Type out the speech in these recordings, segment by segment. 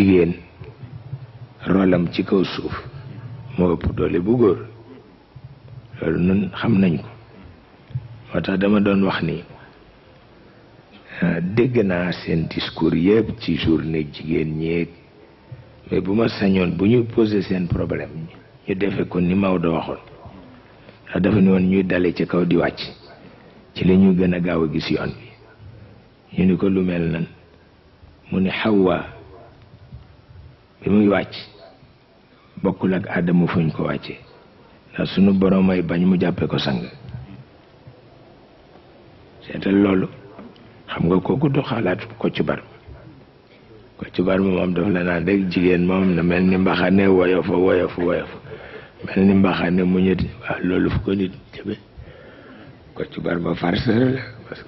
jigéen rolam ci kaw suuf moo ëpp doole bu góor loolu nun xam nañ ko moo tax dama doon wax ni ah, dégg naa seen discours yëpp ci journée jigéen ñeeg mais bu ma sañoon bu ñu posé seen problème ñu defe ko ni Maodo waxoon ndax dafa ne woon ñuy dale ci kaw di wàcc ci la ñu gën a gaaw a gis yoon bi ñu ni ko lu mel nan mu ni xawwa bi muy wàcc bokkul ak aadama fuñ ko wàccee ndax sunu borom ay bañ mu jàppe ko sang seetal loolu xam nga kooku du xalaat Kocc Barma Kocc Barma moom daf la naan rek jigéen moom na mel ni mbaxane woyofa woyofa mel ni mbaxane mu ñetti waaw loolu fu ko nit jëme Kocc Barma farceur la parce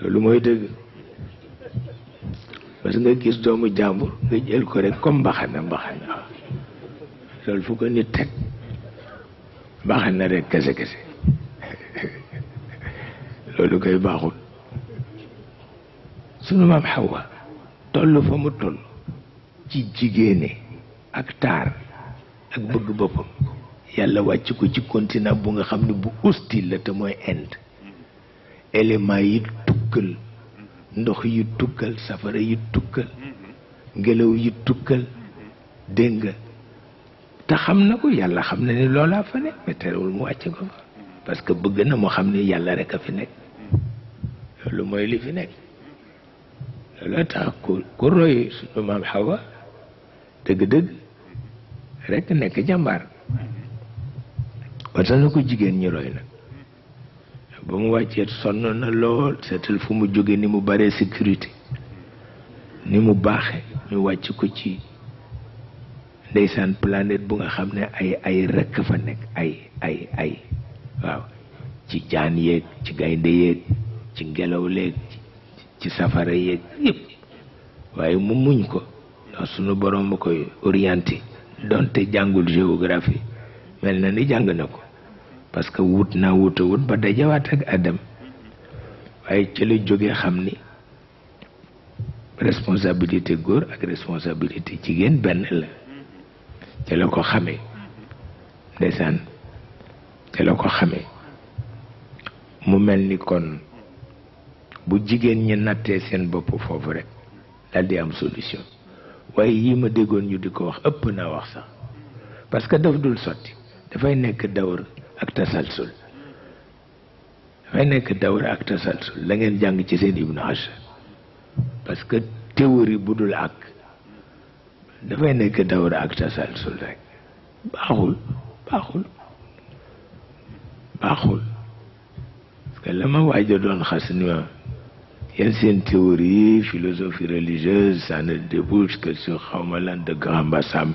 que mooy dëgg parce que nga gis doomu jàmbur nga jël ko rek comme mbaxana mbaxana loolu fu ko nit teg mbaxana rek kese kese loolu koy baaxul sunu maam Xawa toll fa mu toll ci jigéene ak taar ak bëgg boppam yàlla wàcc ko ci continent bu nga xam ne bu hostile la te mooy Inde élément yi tukkal ndox yu tukkal safara yu tukkal ngelaw yu tukkal dégg nga te xam na ko yàlla xam na ni loolaa fa nekk mais terewul mu wàcce ko fa parce que bëgg na mu xam ne yàlla rek a fi nekk loolu mooy li fi nekk loolu tax ku ku roy suñu maam Xawa dëgg-dëgg rek nekk jàmbaar wata na ko jigéen ñi roy nag ba mu wàccee sonn na lool seetal fu mu jóge ni mu baree sécurité ni mu baaxe ñu wàcc ko ci ndeysaan planète bu nga xam ne ay ay rekk fa nekk ay ay ay waaw ci jaan yeeg ci gaynde yeeg ci ngelaw leeg ci safara yeeg yëpp waaye mu muñ ko ndax sunu borom a koy orienté donte jàngul géographie mel na ni jàng na ko parce que wut naa wuta wut ba dajawaat ak Adam waaye ci la jóge xam ni responsabilité góor ak responsabilité jigéen benn la ci la ko xame ndeysaan ci la ko xamee mu mel ni kon bu jigéen ñi nattee seen bopp foofu rek daal di am solution waaye yii ma déggoon ñu di ko wax ëpp naa wax sax parce que daf dul sotti dafay nekk dawr ak tasalsul dafay nekk dawra ak tasalsul la ngeen jàng ci seen ibnu Ashar parce que théorie bu dul ak dafay nekk dawra ak tasalsul rek baaxul baaxul baaxul parce que la ma waaj a doon xas ni ma yéen seen théorie philosophie religieuse ça ne débouche que ma lan de grand bassam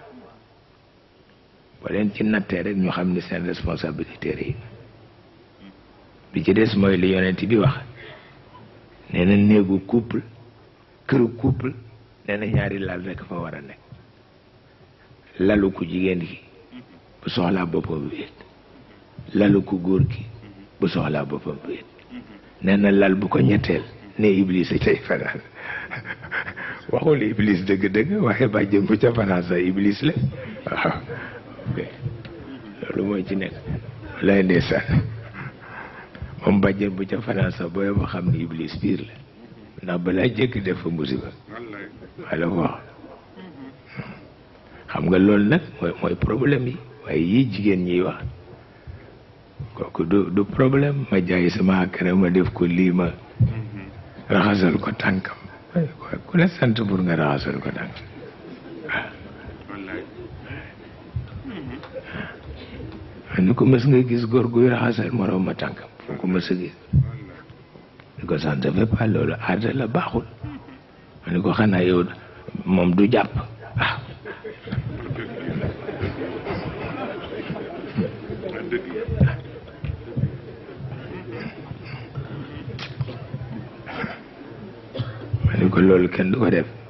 ba leen ci natte rek ñoo xam ni seen responsabilité rëy bi ci des mooy li yonent bi wax nee na néegu couple këru couple nee ñaari lal rek fa war a nekk lalu ku jigéen gi bu soxlaa boppam wéet lalu ku góor gi bu soxlaa boppam wéet nee na lal bu ko ñetteel ne iblis tey fanaan waxul iblis dëgg-dëgg waaye bàjjëm bu ca fanaan sax iblis la bi loolu mooy ci nekk lay ndeysaan moom bàjjen bu ca fanaan sax booy ba xam ni iblis piir la ndax balaa jékki def fa musiba wala wax xam nga loolu nag mooy problème yi waaye yii jigéen ñiy wax kooku du du problème ma jaay sama akara ma def ko lii ma raxasal ko tànkam ku la sant pour nga raxasal ko tànkam ni ko mës nga gis góor guy raxasal moroom ma tànkam fu ko mës gis ni ko sant ah, loolu aada la baaxul ma ko xanaa yow moom du jàpp ah ma ko loolu kenn du ko def